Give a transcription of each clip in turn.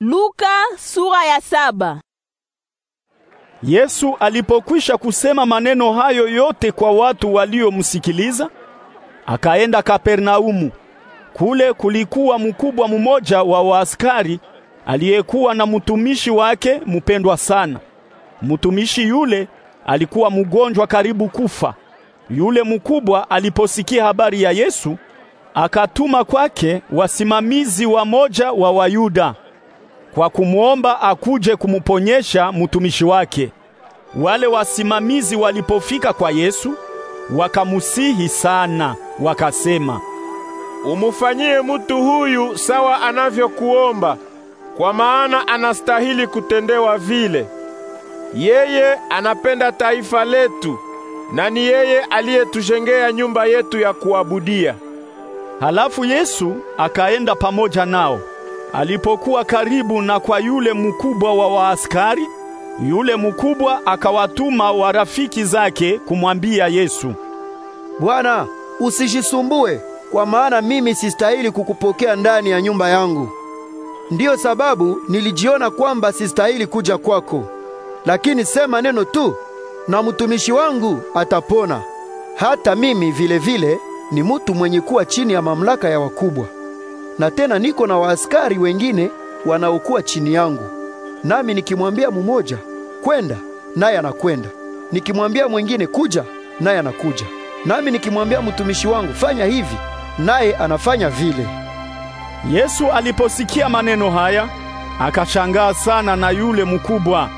Luka sura ya saba. Yesu alipokwisha kusema maneno hayo yote kwa watu waliomsikiliza, akaenda Kapernaumu. Kule kulikuwa mkubwa mmoja wa waaskari aliyekuwa na mtumishi wake mpendwa sana. Mtumishi yule alikuwa mgonjwa karibu kufa. Yule mkubwa aliposikia habari ya Yesu, akatuma kwake wasimamizi wa moja wa Wayuda kwa kumwomba akuje kumuponyesha mtumishi wake. Wale wasimamizi walipofika kwa Yesu wakamusihi sana, wakasema, umufanyie mutu huyu sawa anavyokuomba, kwa maana anastahili kutendewa vile. Yeye anapenda taifa letu na ni yeye aliyetujengea nyumba yetu ya kuabudia. Halafu Yesu akaenda pamoja nao. Alipokuwa karibu na kwa yule mkubwa wa waaskari, yule mkubwa akawatuma warafiki zake kumwambia Yesu, Bwana, usijisumbue kwa maana mimi sistahili kukupokea ndani ya nyumba yangu. Ndiyo sababu nilijiona kwamba sistahili kuja kwako, lakini sema neno tu na mtumishi wangu atapona. Hata mimi vilevile vile, ni mtu mwenye kuwa chini ya mamlaka ya wakubwa na tena niko na waaskari wengine wanaokuwa chini yangu. Nami nikimwambia mmoja kwenda, naye anakwenda; nikimwambia mwingine kuja, naye anakuja; nami nikimwambia mtumishi wangu fanya hivi, naye anafanya vile. Yesu aliposikia maneno haya akashangaa sana na yule mkubwa,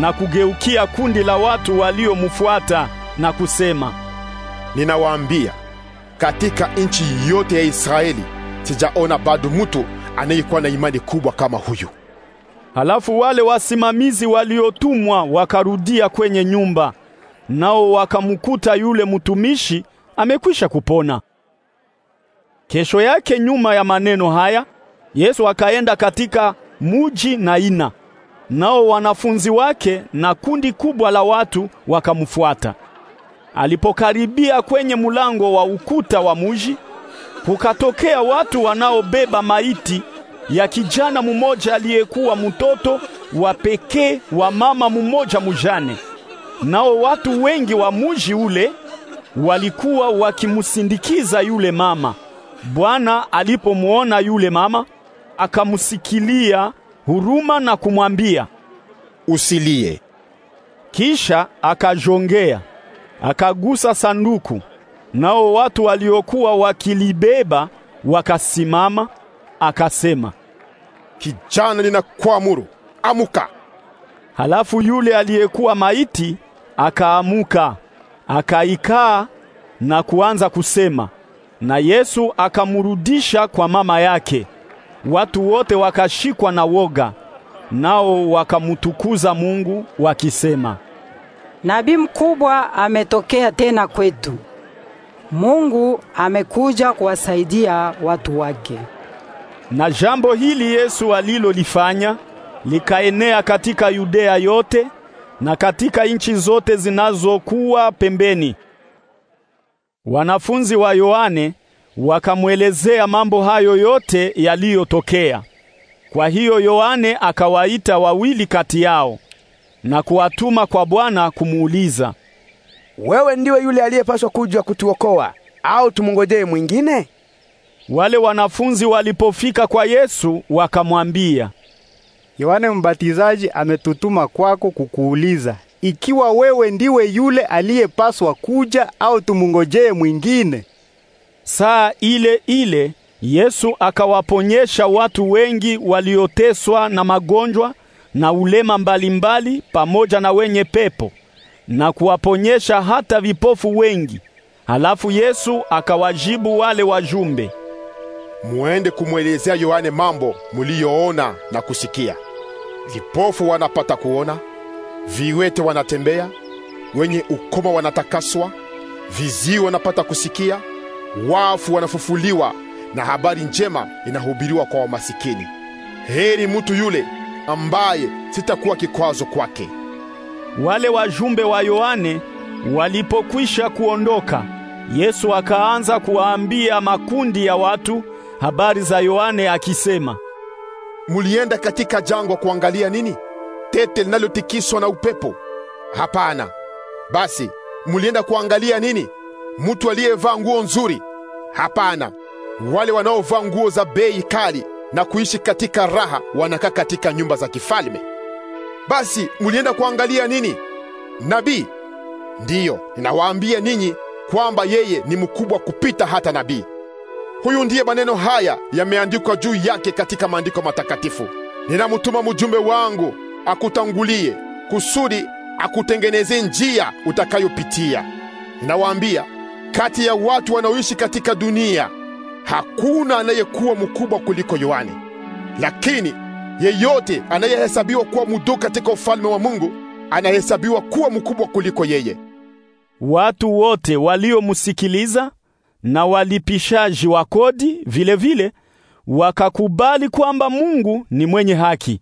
na kugeukia kundi la watu waliomfuata na kusema, ninawaambia katika nchi yote ya Israeli sijaona bado mtu anayekuwa na imani kubwa kama huyu. Halafu wale wasimamizi waliotumwa wakarudia kwenye nyumba, nao wakamkuta yule mtumishi amekwisha kupona. Kesho yake, nyuma ya maneno haya, Yesu akaenda katika muji Naina, nao wanafunzi wake na kundi kubwa la watu wakamfuata. Alipokaribia kwenye mulango wa ukuta wa muji, kukatokea watu wanaobeba maiti ya kijana mumoja aliyekuwa mtoto wa pekee wa mama mumoja mujane. Nao watu wengi wa muji ule walikuwa wakimusindikiza yule mama. Bwana alipomuona yule mama, akamusikilia huruma na kumwambia, usilie. Kisha akajongea, akagusa sanduku Nao watu waliokuwa wakilibeba wakasimama, akasema, kijana, ninakuamuru amuka. Halafu yule aliyekuwa maiti akaamuka, akaikaa na kuanza kusema, na Yesu akamrudisha kwa mama yake. Watu wote wakashikwa na woga, nao wakamutukuza Mungu wakisema, nabii mkubwa ametokea tena kwetu. Mungu amekuja kuwasaidia watu wake. Na jambo hili Yesu alilolifanya likaenea katika Yudea yote na katika nchi zote zinazokuwa pembeni. Wanafunzi wa Yohane wakamwelezea mambo hayo yote yaliyotokea. Kwa hiyo Yohane akawaita wawili kati yao na kuwatuma kwa Bwana kumuuliza wewe ndiwe yule aliyepaswa kuja kutuokoa, au tumngojee mwingine? Wale wanafunzi walipofika kwa Yesu wakamwambia, Yohane Mbatizaji ametutuma kwako kukuuliza ikiwa wewe ndiwe yule aliyepaswa kuja au tumngojee mwingine. Saa ile ile Yesu akawaponyesha watu wengi walioteswa na magonjwa na ulema mbalimbali mbali, pamoja na wenye pepo na kuwaponyesha hata vipofu wengi. Halafu Yesu akawajibu wale wajumbe, muende kumwelezea Yohane mambo muliyoona na kusikia: vipofu wanapata kuona, viwete wanatembea, wenye ukoma wanatakaswa, viziwi wanapata kusikia, wafu wanafufuliwa, na habari njema inahubiriwa kwa wamasikini. Heri mtu yule ambaye sitakuwa kikwazo kwake. Wale wajumbe wa Yohane walipokwisha kuondoka, Yesu akaanza kuwaambia makundi ya watu habari za Yohane akisema, mulienda katika jangwa kuangalia nini? Tete linalotikiswa na upepo? Hapana. Basi mulienda kuangalia nini? Mtu aliyevaa nguo nzuri? Hapana. Wale wanaovaa nguo za bei kali na kuishi katika raha wanakaa katika nyumba za kifalme. Basi mulienda kuangalia nini? Nabii? Ndiyo, ninawaambia ninyi kwamba yeye ni mkubwa kupita hata nabii. Huyu ndiye maneno haya yameandikwa juu yake katika maandiko matakatifu: ninamtuma mjumbe wangu akutangulie, kusudi akutengenezee njia utakayopitia. Ninawaambia, kati ya watu wanaoishi katika dunia hakuna anayekuwa mkubwa kuliko Yohani, lakini Yeyote anayehesabiwa kuwa mdogo katika ufalme wa Mungu anahesabiwa kuwa mkubwa kuliko yeye. Watu wote waliomsikiliza na walipishaji wa kodi vile vile wakakubali kwamba Mungu ni mwenye haki,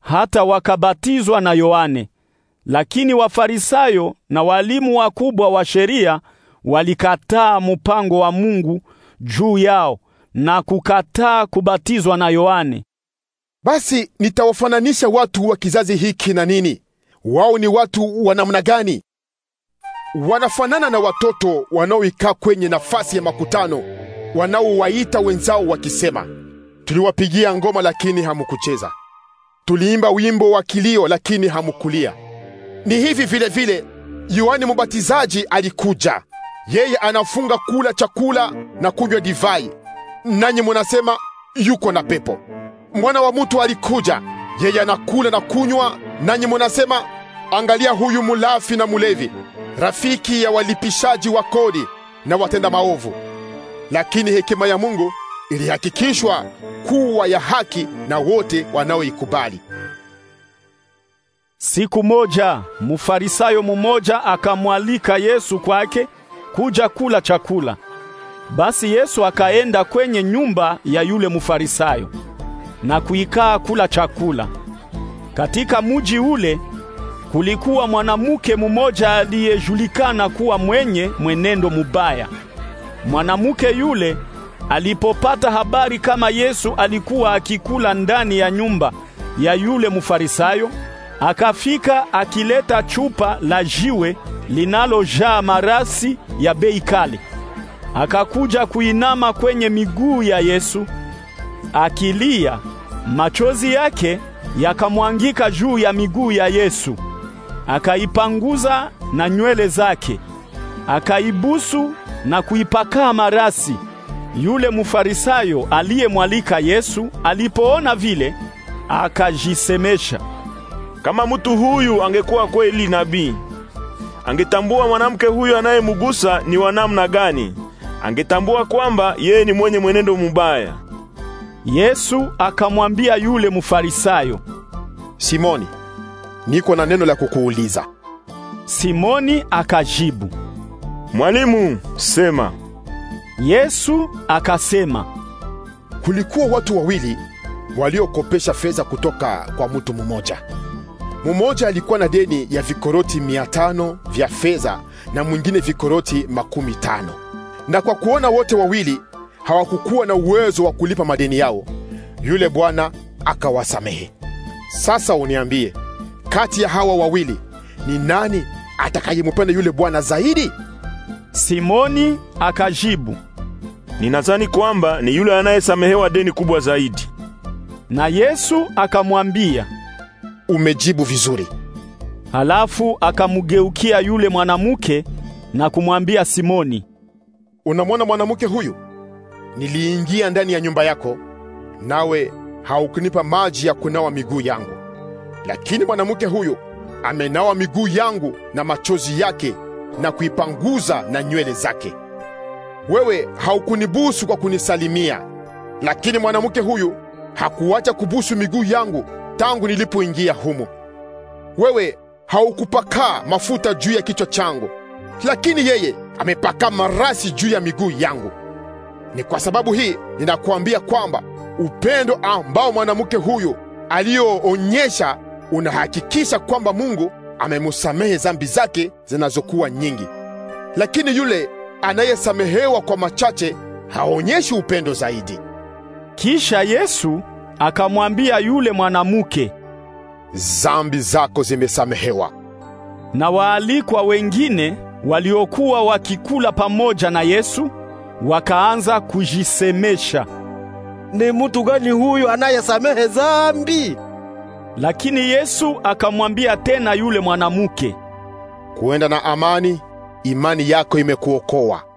hata wakabatizwa na Yohane. Lakini Wafarisayo na walimu wakubwa wa sheria walikataa mpango wa Mungu juu yao na kukataa kubatizwa na Yohane. Basi nitawafananisha watu wa kizazi hiki na nini? Wao ni watu wa namna gani? Wanafanana na watoto wanaoikaa kwenye nafasi ya makutano, wanaowaita wenzao wakisema, tuliwapigia ngoma lakini hamukucheza, tuliimba wimbo wa kilio lakini hamukulia. Ni hivi vile vile Yohane Mubatizaji alikuja, yeye anafunga kula chakula na kunywa divai, nanyi munasema yuko na pepo mwana wa mutu alikuja, yeye anakula na kunywa, nanyi munasema, angalia huyu mulafi na mulevi, rafiki ya walipishaji wa kodi na watenda maovu. Lakini hekima ya Mungu ilihakikishwa kuwa ya haki na wote wanaoikubali. Siku moja mufarisayo mumoja akamwalika Yesu kwake kuja kula chakula. Basi Yesu akaenda kwenye nyumba ya yule mufarisayo na kuikaa kula chakula. Katika muji ule kulikuwa mwanamke mmoja aliyejulikana kuwa mwenye mwenendo mubaya. Mwanamke yule alipopata habari kama Yesu alikuwa akikula ndani ya nyumba ya yule Mufarisayo, akafika akileta chupa la jiwe linalojaa marasi ya bei kali. Akakuja kuinama kwenye miguu ya Yesu akilia Machozi yake yakamwangika juu ya miguu ya Yesu, akaipanguza na nywele zake, akaibusu na kuipaka marasi. Yule mufarisayo aliyemwalika Yesu alipoona vile, akajisemesha, kama mtu huyu angekuwa kweli nabii, angetambua mwanamke huyu anayemugusa ni wa namna gani. Angetambua kwamba yeye ni mwenye mwenendo mubaya. Yesu akamwambia yule Mfarisayo, Simoni, niko na neno la kukuuliza. Simoni akajibu, Mwalimu, sema. Yesu akasema, kulikuwa watu wawili waliokopesha fedha kutoka kwa mtu mmoja. Mmoja alikuwa na deni ya vikoroti mia tano vya fedha na mwingine vikoroti makumi tano. Na kwa kuona wote wawili hawakukuwa na uwezo wa kulipa madeni yao, yule bwana akawasamehe. Sasa uniambie, kati ya hawa wawili ni nani atakayemupenda yule bwana zaidi? Simoni akajibu, ninadhani kwamba ni yule anayesamehewa deni kubwa zaidi. Na Yesu akamwambia, umejibu vizuri. Halafu akamgeukia yule mwanamke na kumwambia Simoni, unamwona mwanamke huyu? niliingia ndani ya nyumba yako, nawe haukunipa maji ya kunawa miguu yangu. Lakini mwanamke huyo amenawa miguu yangu na machozi yake na kuipanguza na nywele zake. Wewe haukunibusu kwa kunisalimia, lakini mwanamke huyu hakuacha kubusu miguu yangu tangu nilipoingia humo. Wewe haukupakaa mafuta juu ya kichwa changu, lakini yeye amepaka marasi juu ya miguu yangu. Ni kwa sababu hii ninakuambia kwamba upendo ambao mwanamke huyu aliyoonyesha unahakikisha kwamba Mungu amemusamehe dhambi zake zinazokuwa nyingi. Lakini yule anayesamehewa kwa machache haonyeshi upendo zaidi. Kisha Yesu akamwambia yule mwanamke, dhambi zako zimesamehewa. Na waalikwa wengine waliokuwa wakikula pamoja na Yesu wakaanza kujisemesha, ni mtu gani huyu anayesamehe zambi Lakini Yesu akamwambia tena yule mwanamke, kuenda na amani, imani yako imekuokoa.